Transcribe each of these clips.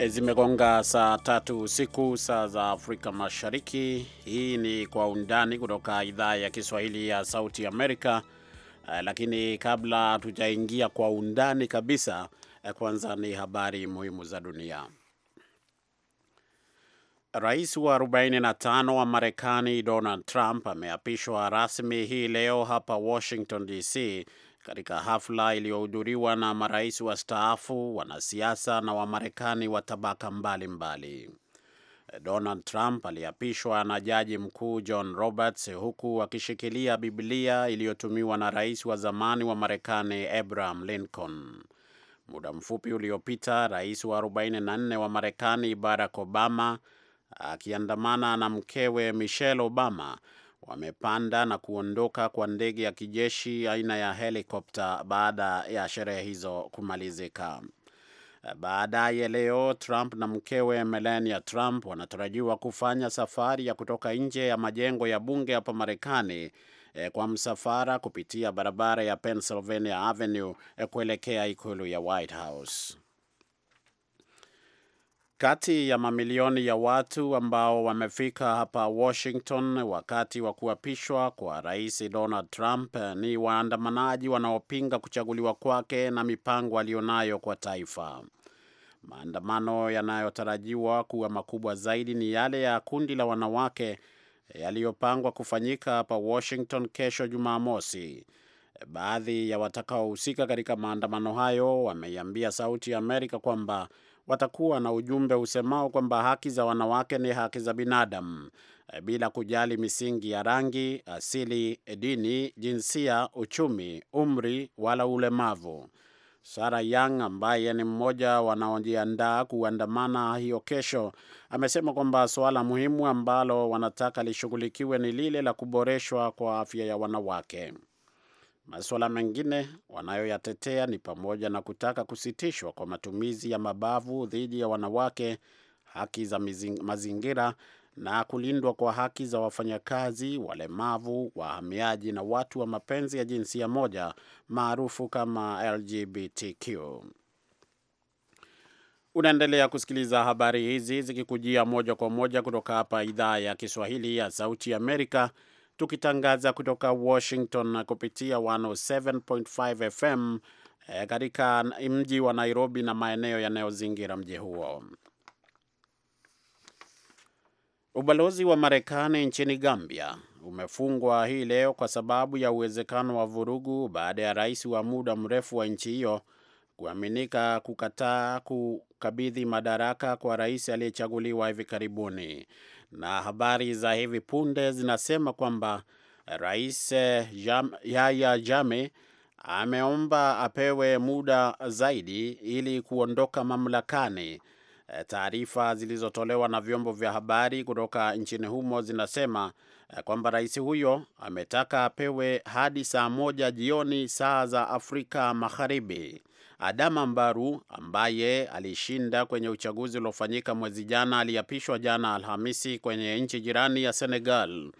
Eh, zimegonga saa tatu usiku saa za Afrika Mashariki. Hii ni Kwa Undani kutoka idhaa ya Kiswahili ya Sauti Amerika. Eh, lakini kabla tujaingia kwa undani kabisa, eh, kwanza ni habari muhimu za dunia. Rais wa 45 wa Marekani Donald Trump ameapishwa rasmi hii leo hapa Washington DC katika hafla iliyohudhuriwa na marais wastaafu, wanasiasa na Wamarekani wa tabaka mbalimbali Donald Trump aliapishwa na jaji mkuu John Roberts huku akishikilia Biblia iliyotumiwa na rais wa zamani wa Marekani Abraham Lincoln. Muda mfupi uliopita, rais wa 44 wa Marekani Barack Obama akiandamana na mkewe Michelle Obama wamepanda na kuondoka kwa ndege ya kijeshi aina ya helikopta baada ya sherehe hizo kumalizika. Baadaye leo Trump na mkewe Melania Trump wanatarajiwa kufanya safari ya kutoka nje ya majengo ya bunge hapa Marekani eh, kwa msafara kupitia barabara ya Pennsylvania Avenue eh, kuelekea ikulu ya White House. Kati ya mamilioni ya watu ambao wamefika hapa Washington wakati wa kuapishwa kwa Rais Donald Trump eh, ni waandamanaji wanaopinga kuchaguliwa kwake na mipango aliyonayo kwa taifa. Maandamano yanayotarajiwa kuwa makubwa zaidi ni yale ya kundi la wanawake eh, yaliyopangwa kufanyika hapa Washington kesho Jumamosi. Eh, baadhi ya watakaohusika katika maandamano hayo wameiambia Sauti ya Amerika kwamba watakuwa na ujumbe usemao kwamba haki za wanawake ni haki za binadamu e, bila kujali misingi ya rangi, asili, dini, jinsia, uchumi, umri wala ulemavu. Sara Young ambaye ni mmoja wanaojiandaa kuandamana hiyo kesho, amesema kwamba suala muhimu ambalo wanataka lishughulikiwe ni lile la kuboreshwa kwa afya ya wanawake. Masuala mengine wanayoyatetea ni pamoja na kutaka kusitishwa kwa matumizi ya mabavu dhidi ya wanawake, haki za mazingira na kulindwa kwa haki za wafanyakazi, walemavu, wahamiaji na watu wa mapenzi ya jinsia moja maarufu kama LGBTQ. Unaendelea kusikiliza habari hizi zikikujia moja kwa moja kutoka hapa idhaa ya Kiswahili ya Sauti Amerika tukitangaza kutoka Washington kupitia 107.5 FM eh, katika mji wa Nairobi na maeneo yanayozingira mji huo. Ubalozi wa Marekani nchini Gambia umefungwa hii leo kwa sababu ya uwezekano wa vurugu baada ya rais wa muda mrefu wa nchi hiyo kuaminika kukataa kukabidhi madaraka kwa rais aliyechaguliwa hivi karibuni na habari za hivi punde zinasema kwamba Rais Jam, Yahya Jammeh ameomba apewe muda zaidi ili kuondoka mamlakani. Taarifa zilizotolewa na vyombo vya habari kutoka nchini humo zinasema kwamba rais huyo ametaka apewe hadi saa moja jioni saa za Afrika Magharibi. Adama Mbaru ambaye alishinda kwenye uchaguzi uliofanyika mwezi jana aliapishwa jana Alhamisi kwenye nchi jirani ya Senegal.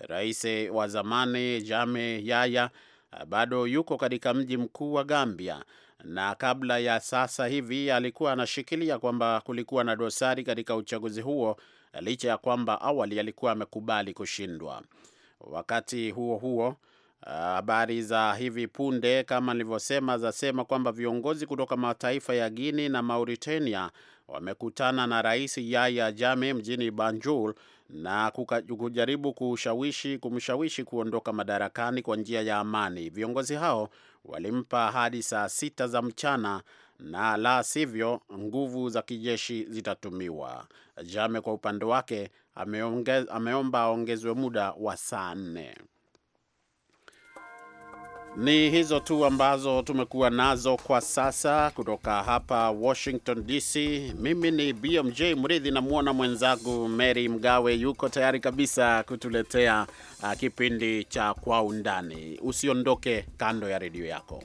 Rais wa zamani Jame Yaya eh, bado yuko katika mji mkuu wa Gambia na kabla ya sasa hivi alikuwa anashikilia kwamba kulikuwa na dosari katika uchaguzi huo eh, licha ya kwamba awali alikuwa amekubali kushindwa. Wakati huo huo Habari za hivi punde kama nilivyosema, zasema kwamba viongozi kutoka mataifa ya Guinea na Mauritania wamekutana na Rais Yaya jame mjini Banjul na kujaribu kushawishi kumshawishi kuondoka madarakani kwa njia ya amani. Viongozi hao walimpa hadi saa sita za mchana na la sivyo nguvu za kijeshi zitatumiwa. Jame kwa upande wake ameomba aongezwe muda wa saa nne. Ni hizo tu ambazo tumekuwa nazo kwa sasa kutoka hapa Washington DC. Mimi ni BMJ Mridhi, namwona mwenzangu Mary Mgawe yuko tayari kabisa kutuletea ah, kipindi cha Kwa Undani. Usiondoke kando ya redio yako.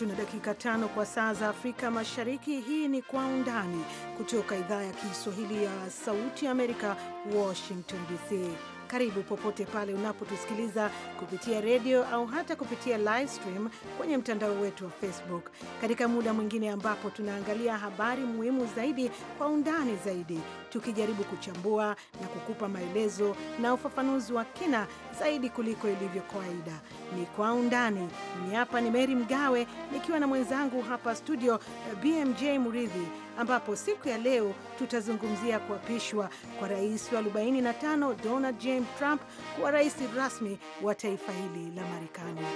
tatu na dakika tano kwa saa za Afrika Mashariki. Hii ni Kwa Undani kutoka idhaa ya Kiswahili ya Sauti Amerika, Washington DC. Karibu popote pale unapotusikiliza kupitia redio au hata kupitia live stream kwenye mtandao wetu wa Facebook, katika muda mwingine ambapo tunaangalia habari muhimu zaidi kwa undani zaidi, tukijaribu kuchambua na kukupa maelezo na ufafanuzi wa kina zaidi kuliko ilivyo kawaida. Ni kwa undani. Ni hapa ni Meri Mgawe nikiwa na mwenzangu hapa studio eh, BMJ Muridhi, ambapo siku ya leo tutazungumzia kuapishwa kwa rais wa 45 Donald James Trump kuwa rais rasmi wa taifa hili la Marekani.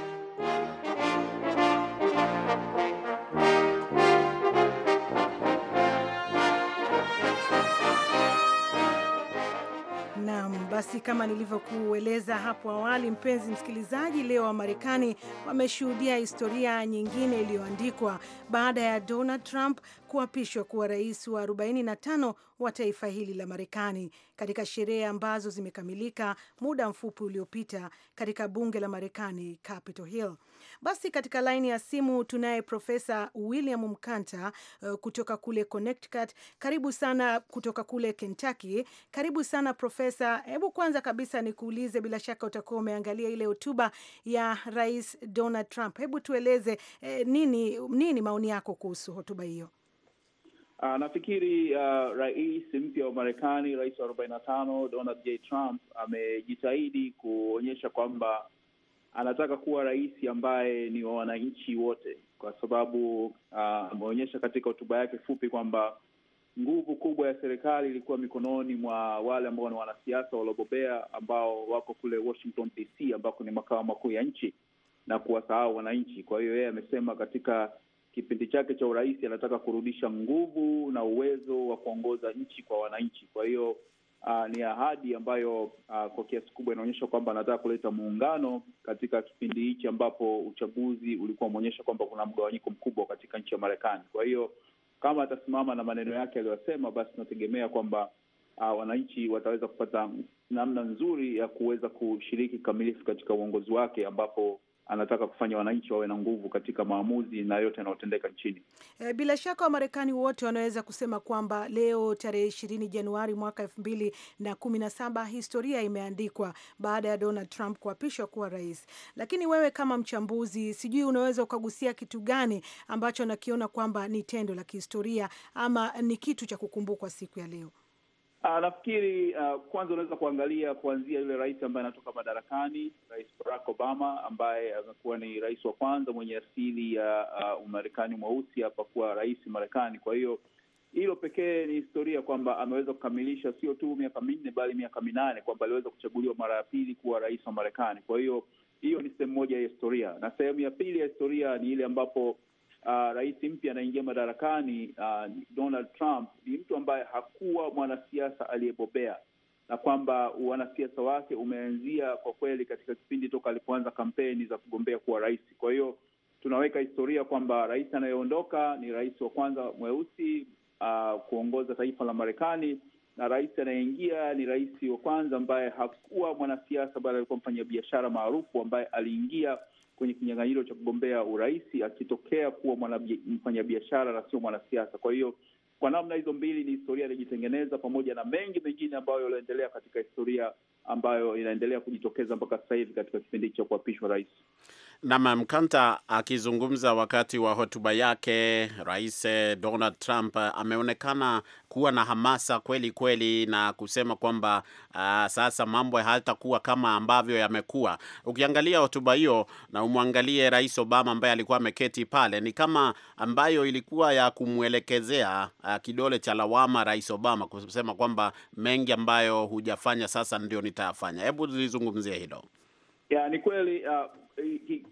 Amen. Basi kama nilivyokueleza hapo awali, mpenzi msikilizaji, leo Wamarekani wameshuhudia historia nyingine iliyoandikwa baada ya Donald Trump kuapishwa kuwa rais wa 45 wa taifa hili la Marekani katika sherehe ambazo zimekamilika muda mfupi uliopita katika bunge la Marekani, Capitol Hill. Basi katika laini ya simu tunaye Profesa William Mkanta uh, kutoka kule Connecticut. Karibu sana kutoka kule Kentucky. Karibu sana Profesa hebu kwanza kabisa nikuulize, bila shaka utakuwa umeangalia ile hotuba ya Rais Donald Trump. Hebu tueleze eh, nini nini maoni yako kuhusu hotuba hiyo? Uh, nafikiri uh, rais mpya wa Marekani, rais wa arobaini na tano Donald J Trump amejitahidi kuonyesha kwamba anataka kuwa rais ambaye ni wa wananchi wote, kwa sababu uh, ameonyesha katika hotuba yake fupi kwamba nguvu kubwa ya serikali ilikuwa mikononi mwa wale ambao ni wanasiasa waliobobea ambao wako kule Washington DC, ambako ni makao makuu ya nchi na kuwasahau wananchi. Kwa hiyo yeye amesema katika kipindi chake cha urais anataka kurudisha nguvu na uwezo wa kuongoza nchi kwa wananchi. Kwa hiyo uh, ni ahadi ambayo uh, kwa kiasi kubwa inaonyesha kwamba anataka kuleta muungano katika kipindi hichi ambapo uchaguzi ulikuwa umeonyesha kwamba kuna mgawanyiko mkubwa katika nchi ya Marekani. Kwa hiyo kama atasimama na maneno yake aliyosema, basi tunategemea kwamba uh, wananchi wataweza kupata namna nzuri ya kuweza kushiriki kikamilifu katika uongozi wake ambapo anataka kufanya wananchi wawe na nguvu katika maamuzi na yote yanayotendeka nchini. E, bila shaka Wamarekani wote wanaweza kusema kwamba leo tarehe ishirini Januari mwaka elfu mbili na kumi na saba historia imeandikwa baada ya Donald Trump kuapishwa kuwa rais. Lakini wewe kama mchambuzi, sijui unaweza ukagusia kitu gani ambacho nakiona kwamba ni tendo la kihistoria ama ni kitu cha kukumbukwa siku ya leo? Uh, nafikiri uh, kwanza unaweza kuangalia kuanzia yule rais ambaye anatoka madarakani, Rais Barack Obama ambaye amekuwa ni rais wa kwanza mwenye asili ya uh, Umarekani mweusi hapa kuwa rais Marekani. Kwa hiyo hilo pekee ni historia kwamba ameweza kukamilisha sio tu miaka minne bali miaka minane, kwamba aliweza kuchaguliwa mara ya pili kuwa rais wa Marekani. Kwa hiyo hiyo ni sehemu moja ya historia, na sehemu ya pili ya historia ni ile ambapo uh, rais mpya anaingia madarakani uh, Donald Trump ni mtu ambaye hakuwa mwanasiasa aliyebobea, na kwamba wanasiasa wake umeanzia kwa kweli katika kipindi toka alipoanza kampeni za kugombea kuwa rais. Kwa hiyo tunaweka historia kwamba rais anayeondoka ni rais wa kwanza mweusi uh, kuongoza taifa la Marekani, na rais anayeingia ni rais wa kwanza ambaye hakuwa mwanasiasa, bali alikuwa mfanyabiashara maarufu ambaye aliingia kwenye kinyang'anyiro cha kugombea urais akitokea kuwa mfanyabiashara na sio mwanasiasa. Kwa hiyo kwa namna hizo mbili ni historia inajitengeneza, pamoja na mengi mengine ambayo yaliyoendelea katika historia ambayo inaendelea kujitokeza mpaka sasa hivi katika kipindi cha kuapishwa rais. Nam Mkanta akizungumza wakati wa hotuba yake, Rais eh, Donald Trump eh, ameonekana kuwa na hamasa kweli kweli na kusema kwamba uh, sasa mambo hayatakuwa kama ambavyo yamekuwa. Ukiangalia hotuba hiyo na umwangalie Rais Obama ambaye alikuwa ameketi pale, ni kama ambayo ilikuwa ya kumwelekezea uh, kidole cha lawama Rais Obama kusema kwamba mengi ambayo hujafanya sasa ndio nitayafanya. Hebu tulizungumzie hilo. Ya, ni kweli uh,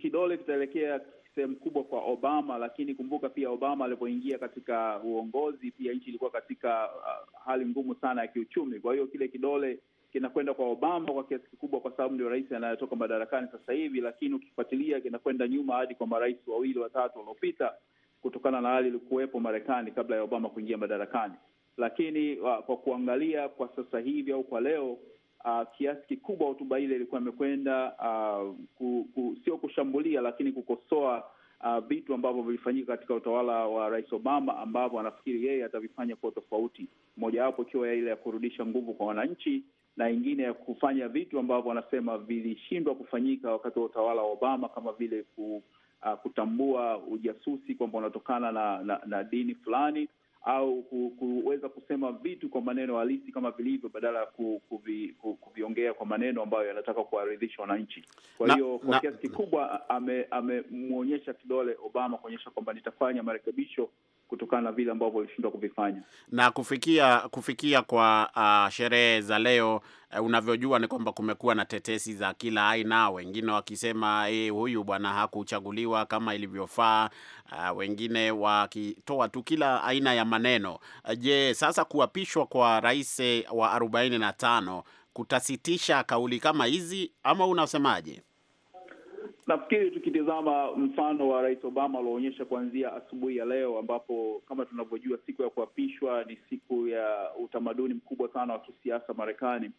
kidole kitaelekea sehemu kubwa kwa Obama, lakini kumbuka pia Obama alipoingia katika uongozi, pia nchi ilikuwa katika uh, hali ngumu sana ya kiuchumi. Kwa hiyo kile kidole kinakwenda kwa Obama kwa kiasi kikubwa, kwa sababu ndio rais anayetoka madarakani sasa hivi, lakini ukifuatilia kinakwenda nyuma hadi kwa marais wawili watatu waliopita, kutokana na hali ilikuwepo Marekani kabla ya Obama kuingia madarakani. Lakini uh, kwa kuangalia kwa sasa hivi au kwa leo Uh, kiasi kikubwa hotuba ile ilikuwa imekwenda uh, ku, ku, sio kushambulia lakini kukosoa ah, vitu ambavyo vilifanyika katika utawala wa Rais Obama ambavyo anafikiri yeye atavifanya kuwa tofauti, mojawapo ikiwa ile ya kurudisha nguvu kwa wananchi na ingine ya kufanya vitu ambavyo wanasema vilishindwa kufanyika wakati wa utawala wa Obama kama vile ku, uh, kutambua ujasusi kwamba unatokana na, na, na dini fulani au kuweza kusema vitu kwa maneno halisi kama vilivyo, badala ya kuvi, kuviongea kwa maneno ambayo yanataka kuwaridhisha wananchi. Kwa hiyo kwa kiasi kikubwa amemwonyesha ame kidole Obama kuonyesha kwamba nitafanya marekebisho kutokana na vile ambavyo walishindwa kuvifanya. Na kufikia kufikia kwa uh, sherehe za leo uh, unavyojua ni kwamba kumekuwa na tetesi za kila aina, wengine wakisema eh, huyu bwana hakuchaguliwa kama ilivyofaa, uh, wengine wakitoa tu kila aina ya maneno. Je, sasa kuapishwa kwa rais eh, wa arobaini na tano kutasitisha kauli kama hizi ama unasemaje? Nafikiri tukitizama mfano wa Rais Obama alioonyesha kuanzia asubuhi ya leo, ambapo kama tunavyojua siku ya kuapishwa ni siku ya utamaduni mkubwa sana wa kisiasa Marekani.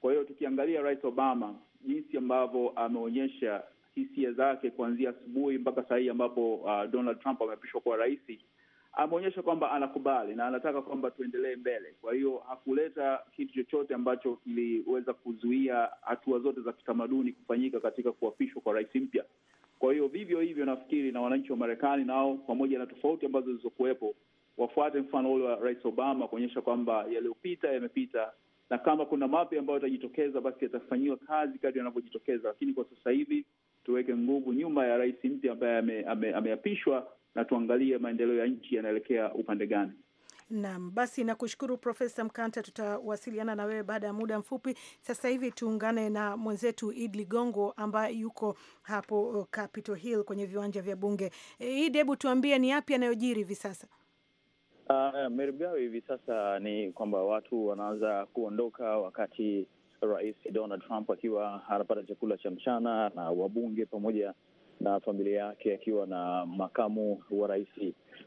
Kwa hiyo tukiangalia Rais Obama jinsi ambavyo ameonyesha hisia zake kuanzia asubuhi mpaka sahii ambapo uh, Donald Trump ameapishwa kuwa rahisi ameonyesha kwamba anakubali na anataka kwamba tuendelee mbele. Kwa hiyo hakuleta kitu chochote ambacho kiliweza kuzuia hatua zote za kitamaduni kufanyika katika kuapishwa kwa rais mpya. Kwa hiyo vivyo hivyo nafikiri na wananchi wa Marekani nao, pamoja na tofauti ambazo zilizokuwepo, wafuate mfano ule wa Rais Obama kuonyesha kwamba yaliyopita yamepita, na kama kuna mapya ambayo yatajitokeza, basi yatafanyiwa kazi kadri yanavyojitokeza, lakini kwa sasa hivi tuweke nguvu nyuma ya rais mpya ambaye ameapishwa ame, ame na tuangalie maendeleo ya nchi yanaelekea upande gani. Naam, basi nakushukuru Profesa Mkanta, tutawasiliana na wewe baada ya muda mfupi. Sasa hivi tuungane na mwenzetu Id Ligongo ambaye yuko hapo uh, Capitol Hill kwenye viwanja vya Bunge. E, Id, hebu tuambie ni yapi yanayojiri hivi sasa? Uh, ah, Meri Mgawe, hivi sasa ni kwamba watu wanaanza kuondoka wakati Rais Donald Trump akiwa anapata chakula cha mchana na wabunge pamoja na familia yake akiwa na makamu wa rais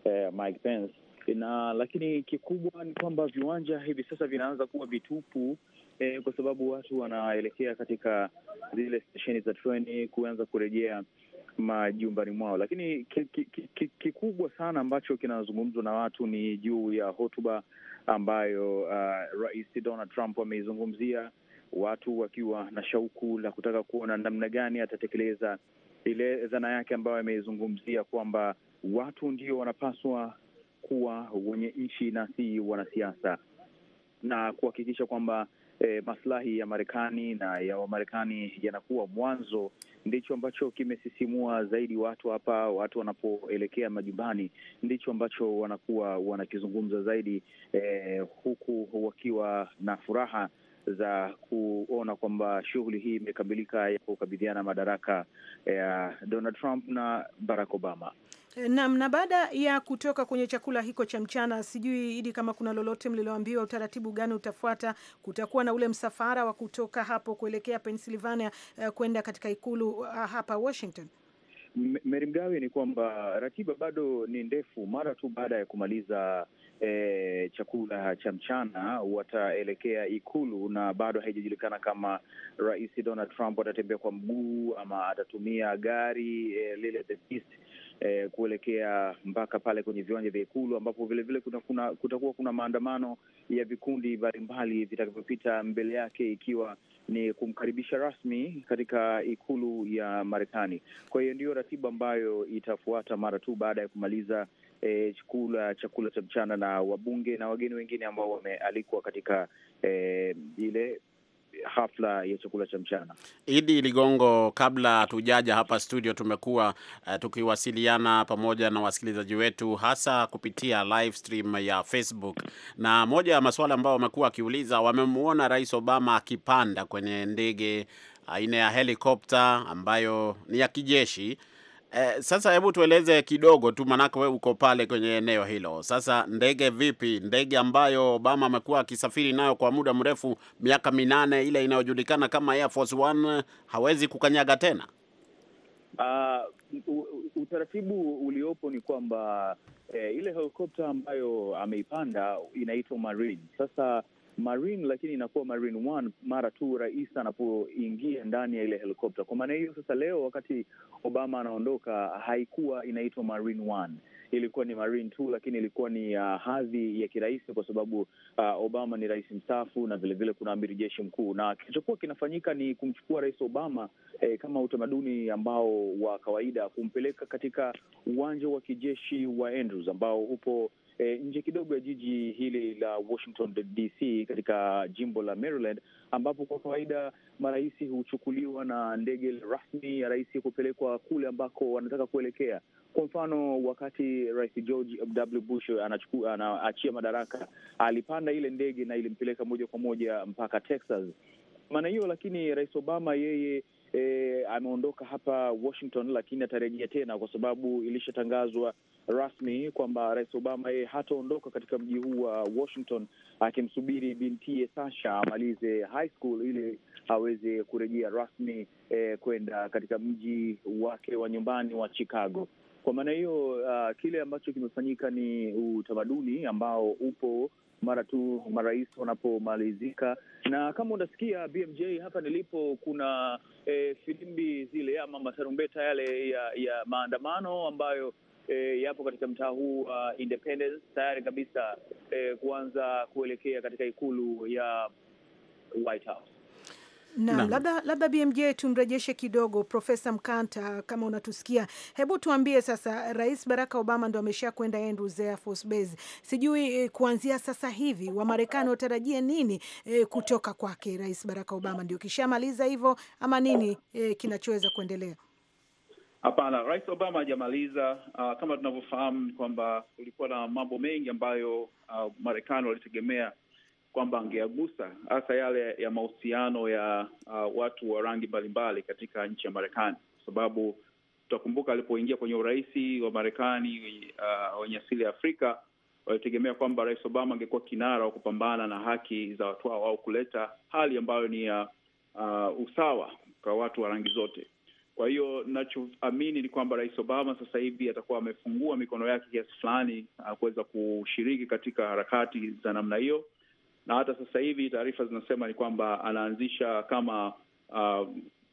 eh, Mike Pence na lakini kikubwa ni kwamba viwanja hivi sasa vinaanza kuwa vitupu eh, kwa sababu watu wanaelekea katika zile stesheni za treni kuanza kurejea majumbani mwao. Lakini kikubwa sana ambacho kinazungumzwa na watu ni juu ya hotuba ambayo uh, Rais Donald Trump ameizungumzia, watu wakiwa na shauku la kutaka kuona namna gani atatekeleza ile dhana yake ambayo ameizungumzia kwamba watu ndio wanapaswa kuwa wenye nchi na si wanasiasa, na kuhakikisha kwamba e, maslahi ya Marekani na ya Wamarekani yanakuwa mwanzo, ndicho ambacho kimesisimua zaidi watu hapa. Watu wanapoelekea majumbani, ndicho ambacho wanakuwa wanakizungumza zaidi, e, huku wakiwa na furaha za kuona kwamba shughuli hii imekamilika ya kukabidhiana madaraka ya Donald Trump na Barack Obama. Naam, na baada ya kutoka kwenye chakula hiko cha mchana, sijui Idi kama kuna lolote mliloambiwa, utaratibu gani utafuata? Kutakuwa na ule msafara wa kutoka hapo kuelekea Pennsylvania eh, kwenda katika ikulu ah, hapa Washington? Meri Mgawe, ni kwamba ratiba bado ni ndefu. Mara tu baada ya kumaliza e, chakula cha mchana wataelekea Ikulu, na bado haijajulikana kama Rais Donald Trump atatembea kwa mguu ama atatumia gari e, lile the beast e, kuelekea mpaka pale kwenye viwanja vya Ikulu ambapo vilevile kutakuwa kuna, kuna maandamano ya vikundi mbalimbali vitakavyopita mbele yake ikiwa ni kumkaribisha rasmi katika Ikulu ya Marekani. Kwa hiyo ndiyo ratiba ambayo itafuata mara tu baada ya kumaliza E, chakula chakula cha mchana na wabunge na wageni wengine ambao wamealikwa katika e, ile hafla ya chakula cha mchana. Idi Ligongo, kabla hatujaja hapa studio, tumekuwa uh, tukiwasiliana pamoja na wasikilizaji wetu hasa kupitia live stream ya Facebook, na moja ya masuala ambayo wamekuwa wakiuliza, wamemwona Rais Obama akipanda kwenye ndege aina ya helikopta ambayo ni ya kijeshi Eh, sasa hebu tueleze kidogo tu, maanake wewe uko pale kwenye eneo hilo. Sasa ndege vipi? Ndege ambayo Obama amekuwa akisafiri nayo kwa muda mrefu, miaka minane, ile inayojulikana kama Air Force One hawezi kukanyaga tena. Uh, utaratibu uliopo ni kwamba eh, ile helikopta ambayo ameipanda inaitwa Marine. Sasa Marine, lakini inakuwa Marine One mara tu rais anapoingia ndani ya ile helikopta. Kwa maana hiyo sasa, leo wakati Obama anaondoka, haikuwa inaitwa Marine One, ilikuwa ni Marine Two, lakini ilikuwa ni uh, hadhi ya kirahisi kwa sababu uh, Obama ni rais mstaafu na vilevile vile kuna amiri jeshi mkuu, na kilichokuwa kinafanyika ni kumchukua rais Obama eh, kama utamaduni ambao wa kawaida, kumpeleka katika uwanja wa kijeshi wa Andrews ambao upo e, nje kidogo ya jiji hili la Washington DC, katika jimbo la Maryland, ambapo kwa kawaida marais huchukuliwa na ndege rasmi ya rais kupelekwa kule ambako wanataka kuelekea. Kwa mfano, wakati rais George W. Bush anachukua anaachia madaraka, alipanda ile ndege na ilimpeleka moja kwa moja mpaka Texas maana hiyo. Lakini rais Obama yeye e, ameondoka hapa Washington, lakini atarejea tena kwa sababu ilishatangazwa rasmi kwamba Rais Obama yeye hataondoka katika mji huu wa Washington, akimsubiri bintiye Sasha amalize high school ili aweze kurejea rasmi e, kwenda katika mji wake wa nyumbani wa Chicago. Kwa maana hiyo, uh, kile ambacho kimefanyika ni utamaduni ambao upo mara tu marais wanapomalizika. Na kama unasikia BMJ hapa nilipo, kuna e, filimbi zile ama matarumbeta yale ya, ya maandamano ambayo E, yapo katika mtaa huu wa uh, Independence tayari kabisa e, kuanza kuelekea katika ikulu ya White House. Naam, labda labda BMJ tumrejeshe kidogo Profesa Mkanta, kama unatusikia, hebu tuambie sasa, Rais Barack Obama ndo amesha kwenda Andrews Air Force Base, sijui eh, kuanzia sasa hivi Wamarekani watarajie nini e, kutoka kwake Rais Barack Obama? Ndio kishamaliza hivyo ama nini e, kinachoweza kuendelea? Hapana, Rais Obama hajamaliza. Uh, kama tunavyofahamu kwamba kulikuwa na mambo mengi ambayo uh, Marekani walitegemea kwamba angeagusa hasa yale ya mahusiano ya uh, watu wa rangi mbalimbali katika nchi ya Marekani, kwa sababu tutakumbuka alipoingia kwenye urais wa Marekani uh, wenye asili ya Afrika walitegemea kwamba Rais Obama angekuwa kinara wa kupambana na haki za watu hao au kuleta hali ambayo ni ya uh, usawa kwa watu wa rangi zote. Kwa hiyo nachoamini ni kwamba Rais Obama sasa hivi atakuwa amefungua mikono yake kiasi fulani uh, kuweza kushiriki katika harakati za namna hiyo na hata sasa hivi taarifa zinasema ni kwamba anaanzisha kama uh,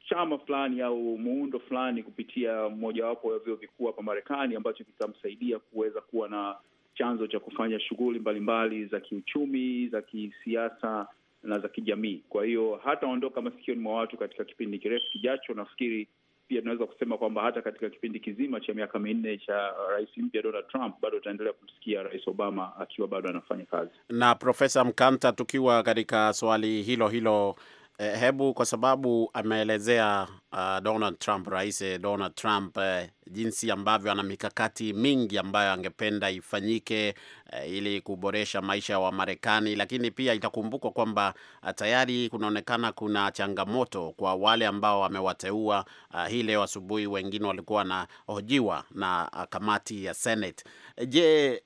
chama fulani au muundo fulani kupitia mmojawapo ya vyuo vikuu hapa Marekani ambacho kitamsaidia kuweza kuwa na chanzo cha kufanya shughuli mbalimbali za kiuchumi, za kisiasa na za kijamii. Kwa hiyo hataondoka masikioni mwa watu katika kipindi kirefu kijacho. Nafikiri pia tunaweza kusema kwamba hata katika kipindi kizima cha miaka minne cha rais mpya Donald Trump bado tutaendelea kumsikia rais Obama akiwa bado anafanya kazi. Na Profesa Mkanta, tukiwa katika swali hilo hilo e, hebu kwa sababu ameelezea uh, Donald Trump, rais eh, Donald Trump eh, jinsi ambavyo ana mikakati mingi ambayo angependa ifanyike eh, ili kuboresha maisha ya wa Wamarekani, lakini pia itakumbukwa kwamba ah, tayari kunaonekana kuna changamoto kwa wale ambao wamewateua. Uh, ah, hii leo asubuhi wengine walikuwa wanahojiwa na uh, kamati ya Senate. Je,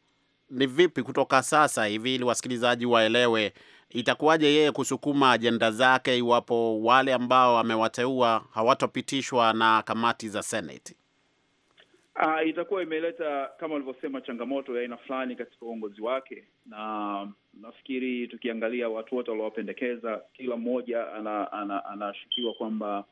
ni vipi kutoka sasa hivi ili wasikilizaji waelewe itakuwaje yeye kusukuma ajenda zake iwapo wale ambao amewateua hawatopitishwa na kamati za Senate? Uh, itakuwa imeleta kama walivyosema changamoto ya aina fulani katika uongozi wake, na nafikiri tukiangalia watu wote waliowapendekeza, kila mmoja anashukiwa ana, ana, ana kwamba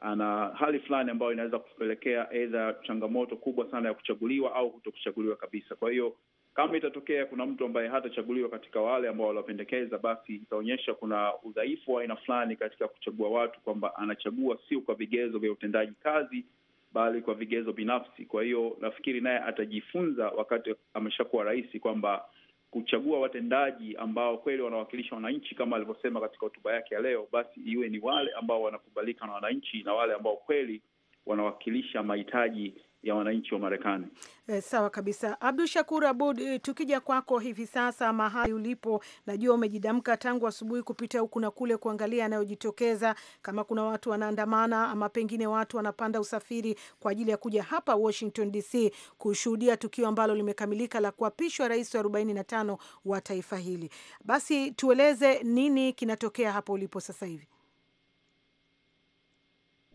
ana hali fulani ambayo inaweza kupelekea aidha changamoto kubwa sana ya kuchaguliwa au kutokuchaguliwa kabisa. Kwa hiyo kama itatokea kuna mtu ambaye hatachaguliwa katika wale ambao waliwapendekeza, basi itaonyesha kuna udhaifu wa aina fulani katika kuchagua watu, kwamba anachagua sio kwa vigezo vya utendaji kazi, bali kwa vigezo binafsi. Kwa hiyo nafikiri naye atajifunza wakati ameshakuwa rais kwamba kuchagua watendaji ambao kweli wanawakilisha wananchi kama alivyosema katika hotuba yake ya leo, basi iwe ni wale ambao wanakubalika na wananchi na wale ambao kweli wanawakilisha mahitaji ya wananchi wa Marekani. E, sawa kabisa. Abdu Shakur Abud, eh, tukija kwako hivi sasa mahali ulipo, najua umejidamka tangu asubuhi kupita huku na kule kuangalia yanayojitokeza, kama kuna watu wanaandamana ama pengine watu wanapanda usafiri kwa ajili ya kuja hapa Washington DC kushuhudia tukio ambalo limekamilika la kuapishwa rais wa 45 wa taifa hili. Basi tueleze nini kinatokea hapo ulipo sasa hivi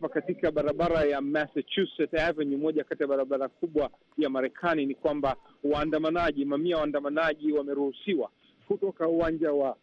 hapa katika barabara ya Massachusetts Avenue, moja kati ya barabara kubwa ya Marekani, ni kwamba waandamanaji, mamia waandamanaji wameruhusiwa kutoka uwanja wa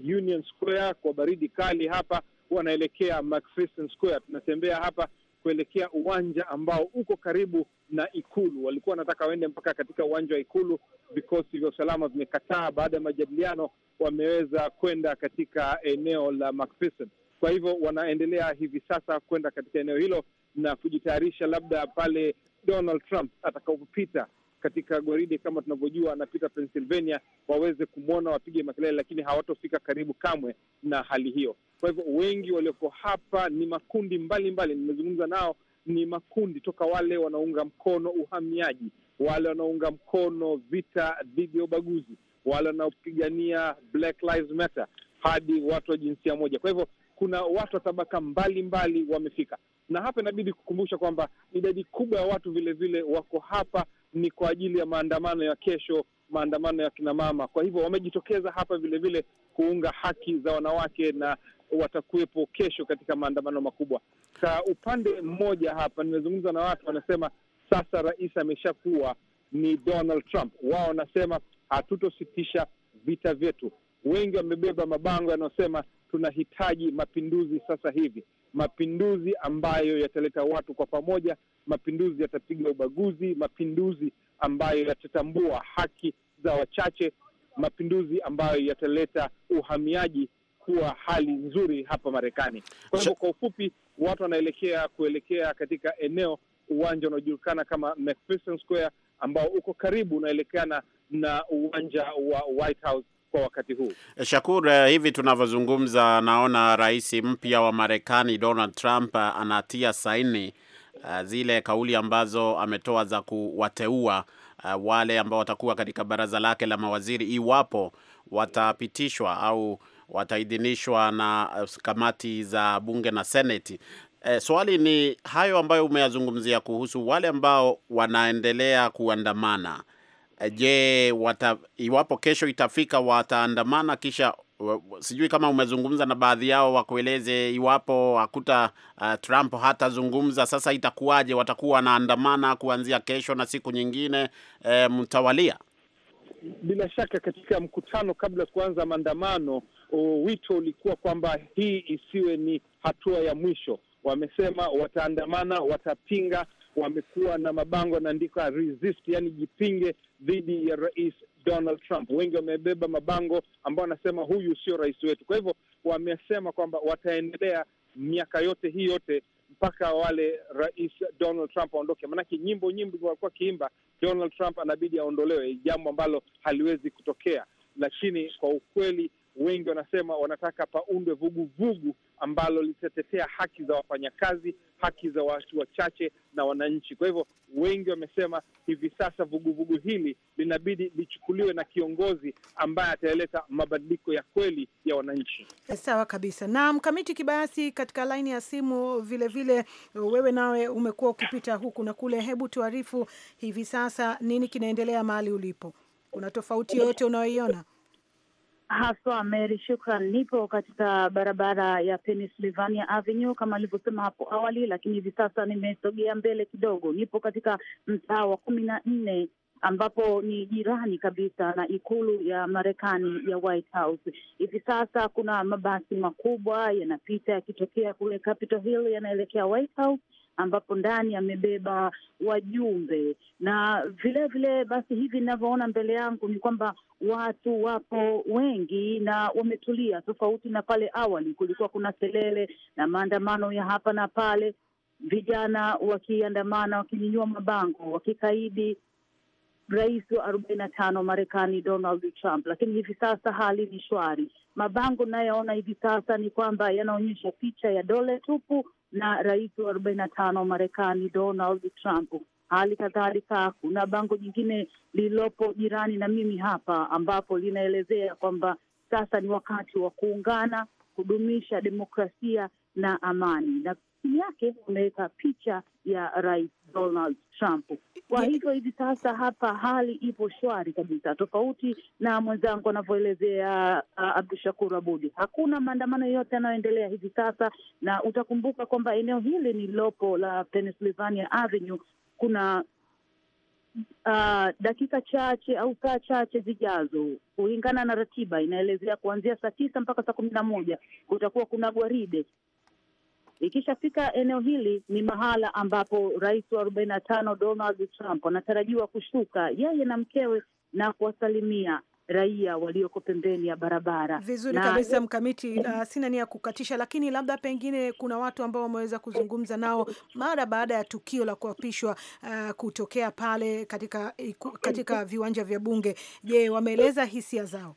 Union Square kwa baridi kali hapa, wanaelekea McPherson Square. Tunatembea hapa kuelekea uwanja ambao uko karibu na Ikulu. Walikuwa wanataka waende mpaka katika uwanja wa Ikulu, vikosi vya usalama vimekataa. Baada ya majadiliano, wameweza kwenda katika eneo la McPherson. Kwa hivyo wanaendelea hivi sasa kwenda katika eneo hilo na kujitayarisha, labda pale Donald Trump atakapopita katika gwaride kama tunavyojua anapita Pennsylvania, waweze kumwona, wapige makelele, lakini hawatofika karibu kamwe na hali hiyo. Kwa hivyo wengi walioko hapa ni makundi mbalimbali, nimezungumza nao, ni makundi toka wale wanaunga mkono uhamiaji, wale wanaunga mkono vita dhidi ya ubaguzi, wale wanaopigania Black Lives Matter hadi watu wa jinsia moja. Kwa hivyo kuna watu wa tabaka mbalimbali wamefika, na hapa inabidi kukumbusha kwamba idadi kubwa ya watu vilevile vile wako hapa ni kwa ajili ya maandamano ya kesho, maandamano ya kinamama. Kwa hivyo wamejitokeza hapa vilevile vile kuunga haki za wanawake na watakuwepo kesho katika maandamano makubwa. ka upande mmoja hapa nimezungumza na watu wanasema, sasa rais ameshakuwa ni Donald Trump. Wao wanasema hatutositisha vita vyetu. Wengi wamebeba mabango yanayosema tunahitaji mapinduzi sasa hivi, mapinduzi ambayo yataleta watu kwa pamoja, mapinduzi yatapiga ubaguzi, mapinduzi ambayo yatatambua haki za wachache, mapinduzi ambayo yataleta uhamiaji kuwa hali nzuri hapa Marekani. Kwa hivyo, kwa ufupi, watu wanaelekea kuelekea katika eneo uwanja unaojulikana kama McPherson Square ambao uko karibu unaelekana na uwanja wa White House kwa wakati huu. Shakur, eh, hivi tunavyozungumza, naona rais mpya wa Marekani Donald Trump eh, anatia saini uh, zile kauli ambazo ametoa za kuwateua uh, wale ambao watakuwa katika baraza lake la mawaziri iwapo watapitishwa au wataidhinishwa na kamati za bunge na seneti. E, swali ni hayo ambayo umeyazungumzia kuhusu wale ambao wanaendelea kuandamana Eh, je, wata, iwapo kesho itafika wataandamana? Kisha sijui kama umezungumza na baadhi yao wakueleze, iwapo hakuta uh, Trump hatazungumza, sasa itakuwaje? Watakuwa wanaandamana kuanzia kesho na siku nyingine e, mtawalia? Bila shaka katika mkutano kabla ya kuanza maandamano, wito ulikuwa kwamba hii isiwe ni hatua ya mwisho. Wamesema wataandamana, watapinga. Wamekuwa na mabango yanaandika resist, yani jipinge dhidi ya Rais Donald Trump. Wengi wamebeba mabango ambao wanasema huyu sio rais wetu. Kwa hivyo wamesema kwamba wataendelea miaka yote hii yote mpaka wale Rais Donald Trump aondoke, maanake nyimbo nyimbo walikuwa kiimba Donald Trump anabidi aondolewe, jambo ambalo haliwezi kutokea. Lakini kwa ukweli wengi wanasema wanataka paundwe vuguvugu ambalo litatetea haki za wafanyakazi, haki za watu wachache na wananchi. Kwa hivyo wengi wamesema hivi sasa vuguvugu hili linabidi lichukuliwe na kiongozi ambaye ataleta mabadiliko ya kweli ya wananchi. Sawa kabisa. Na mkamiti Kibayasi, katika laini ya simu vilevile vile, wewe nawe umekuwa ukipita huku na kule, hebu tuarifu hivi sasa nini kinaendelea mahali ulipo? Kuna tofauti yoyote unayoiona? Haswa Mary, shukran. Nipo katika barabara ya Pennsylvania Avenue kama alivyosema hapo awali, lakini hivi sasa nimesogea mbele kidogo, nipo katika mtaa wa kumi na nne ambapo ni jirani kabisa na ikulu ya Marekani ya White House. Hivi sasa kuna mabasi makubwa yanapita yakitokea kule Capitol Hill yanaelekea White House ambapo ndani amebeba wajumbe na vilevile vile. Basi hivi ninavyoona mbele yangu ni kwamba watu wapo wengi na wametulia, tofauti na pale awali kulikuwa kuna kelele na maandamano ya hapa na pale, vijana wakiandamana, wakinyinyua mabango, wakikaidi rais wa arobaini na tano Marekani Donald Trump, lakini hivi sasa hali ni shwari. Mabango nayoona hivi sasa ni kwamba yanaonyesha picha ya dole tupu na rais wa arobaini na tano Marekani Donald Trump. Hali kadhalika kuna bango jingine lililopo jirani na mimi hapa, ambapo linaelezea kwamba sasa ni wakati wa kuungana, kudumisha demokrasia na amani, na chini yake wameweka picha ya Rais Donald Trump. Kwa hivyo hivi sasa hapa hali ipo shwari kabisa, tofauti na mwenzangu anavyoelezea Abdu Shakur Abudi. Hakuna maandamano yoyote yanayoendelea hivi sasa, na utakumbuka kwamba eneo hili lopo la Pennsylvania Avenue kuna Uh, dakika chache au saa chache zijazo, kulingana na ratiba inaelezea kuanzia saa tisa mpaka saa kumi na moja kutakuwa kuna gwaride Ikishafika eneo hili, ni mahala ambapo rais wa arobaini na tano Donald Trump anatarajiwa kushuka yeye na mkewe na kuwasalimia raia walioko pembeni ya barabara. Vizuri kabisa e- Mkamiti, uh, sina nia ya kukatisha, lakini labda pengine kuna watu ambao wameweza kuzungumza nao mara baada ya tukio la kuapishwa uh, kutokea pale katika, katika viwanja vya Bunge. Je, wameeleza hisia zao?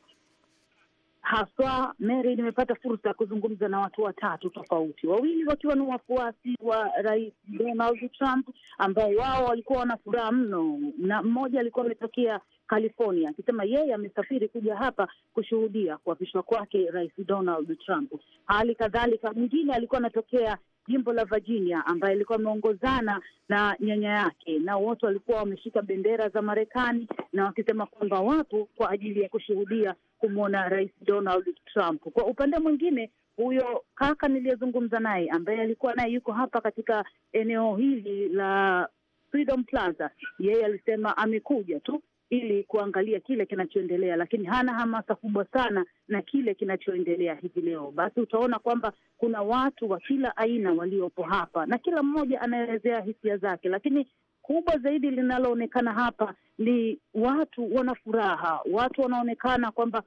haswa Mary, nimepata fursa ya kuzungumza na watu watatu tofauti, wawili wakiwa ni wafuasi wa Rais Donald Trump ambao wao walikuwa wana furaha mno, na mmoja alikuwa ametokea California akisema yeye amesafiri kuja hapa kushuhudia kuapishwa kwake Rais Donald Trump. Hali kadhalika mwingine alikuwa anatokea jimbo la Virginia ambaye alikuwa ameongozana na nyanya yake, na wote walikuwa wameshika bendera za Marekani na wakisema kwamba wapo kwa ajili ya kushuhudia kumwona Rais Donald Trump. Kwa upande mwingine, huyo kaka niliyezungumza naye ambaye alikuwa naye yuko hapa katika eneo hili la Freedom Plaza, yeye alisema amekuja tu ili kuangalia kile kinachoendelea, lakini hana hamasa kubwa sana na kile kinachoendelea hivi leo. Basi utaona kwamba kuna watu wa kila aina waliopo hapa na kila mmoja anaelezea hisia zake, lakini kubwa zaidi linaloonekana hapa ni watu wana furaha, watu wanaonekana kwamba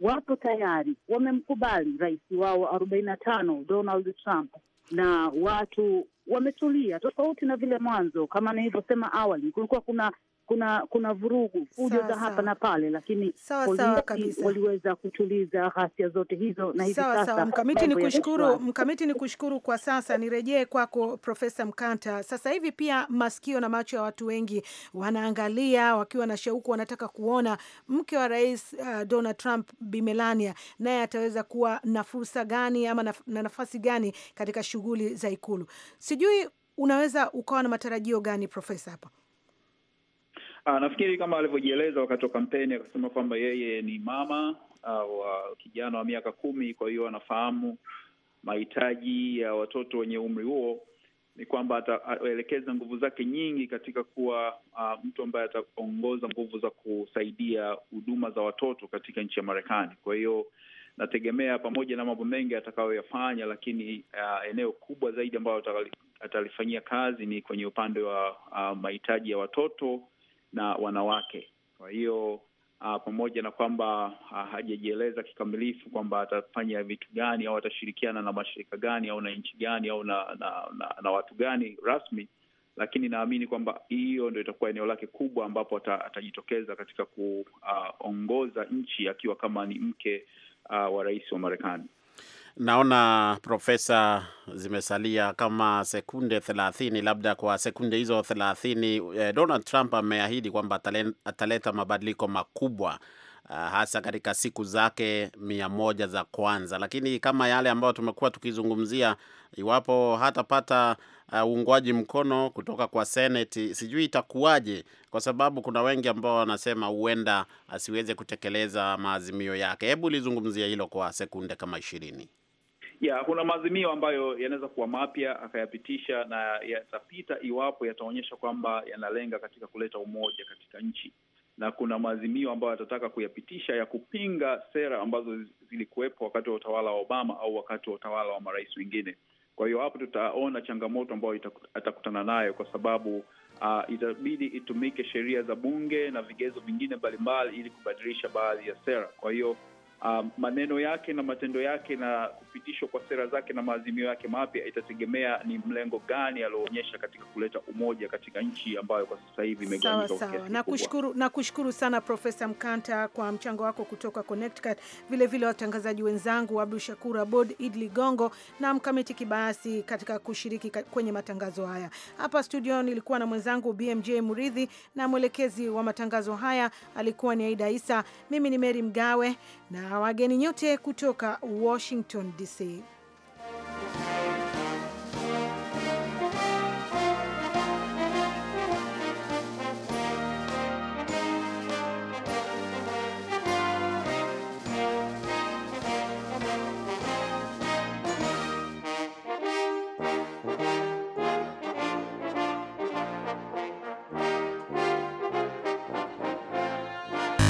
wapo tayari, wamemkubali rais wao arobaini na tano Donald Trump na watu wametulia, tofauti na vile mwanzo. Kama nilivyosema awali, kulikuwa kuna kuna kuna vurugu fujo za hapa na pale, lakini waliweza kutuliza ghasia zote hizo na hivi sasa sawa. Mkamiti ni kushukuru, mkamiti ni kushukuru. Kwa sasa nirejee kwako Profesa Mkanta. Sasa hivi pia masikio na macho ya watu wengi wanaangalia wakiwa na shauku, wanataka kuona mke wa rais uh, Donald Trump Bi Melania naye ataweza kuwa na fursa gani ama na, na nafasi gani katika shughuli za Ikulu. Sijui unaweza ukawa na matarajio gani Profesa hapa? Aa, ah, nafikiri kama alivyojieleza wakati wa kampeni akasema kwamba yeye ni mama ah, wa kijana wa miaka kumi, kwa hiyo anafahamu mahitaji ya watoto wenye umri huo ni kwamba ataelekeza nguvu zake nyingi katika kuwa uh, mtu ambaye ataongoza nguvu za kusaidia huduma za watoto katika nchi ya Marekani. Kwa hiyo nategemea pamoja na mambo mengi atakayoyafanya, lakini uh, eneo kubwa zaidi ambayo atalifanyia kazi ni kwenye upande wa uh, mahitaji ya watoto na wanawake. Kwa hiyo ah, pamoja na kwamba ah, hajajieleza kikamilifu kwamba atafanya vitu gani au atashirikiana na mashirika gani au na nchi gani au na, na, na, na watu gani rasmi, lakini naamini kwamba hiyo ndo itakuwa eneo lake kubwa ambapo atajitokeza katika kuongoza ah, uh, nchi akiwa kama ni mke uh, wa rais wa Marekani. Naona Profesa, zimesalia kama sekunde thelathini. Labda kwa sekunde hizo thelathini, eh, Donald Trump ameahidi kwamba ataleta mabadiliko makubwa ah, hasa katika siku zake mia moja za kwanza, lakini kama yale ambayo tumekuwa tukizungumzia, iwapo hatapata ah, uungwaji uh, mkono kutoka kwa Seneti, sijui itakuwaje, kwa sababu kuna wengi ambao wanasema huenda asiweze kutekeleza maazimio yake. Hebu lizungumzia hilo kwa sekunde kama ishirini ya kuna maazimio ambayo yanaweza kuwa mapya akayapitisha na yatapita iwapo yataonyesha kwamba yanalenga katika kuleta umoja katika nchi, na kuna maazimio ambayo yatataka kuyapitisha ya kupinga sera ambazo zilikuwepo wakati wa utawala wa Obama au wakati wa utawala wa marais wengine. Kwa hiyo hapo tutaona changamoto ambayo atakutana nayo kwa sababu Uh, itabidi itumike sheria za bunge na vigezo vingine mbalimbali ili kubadilisha baadhi ya sera. Kwa hiyo um, maneno yake na matendo yake na kupitishwa kwa sera zake na maazimio yake mapya itategemea ni mlengo gani alioonyesha katika kuleta umoja katika nchi ambayo kwa sasa hivi imegawanyika kwa sana Profesa Mkanta kwa mchango wako kutoka Connecticut, vilevile watangazaji wenzangu Abdu Shakur Abod, Id Ligongo na Mkamiti Kibayasi katika kushiriki kwenye matangazo haya. Hapa studio nilikuwa na mwenzangu BMJ Muridhi na mwelekezi wa matangazo haya alikuwa ni Aida Isa. Mimi ni Meri Mgawe na wageni nyote kutoka Washington DC.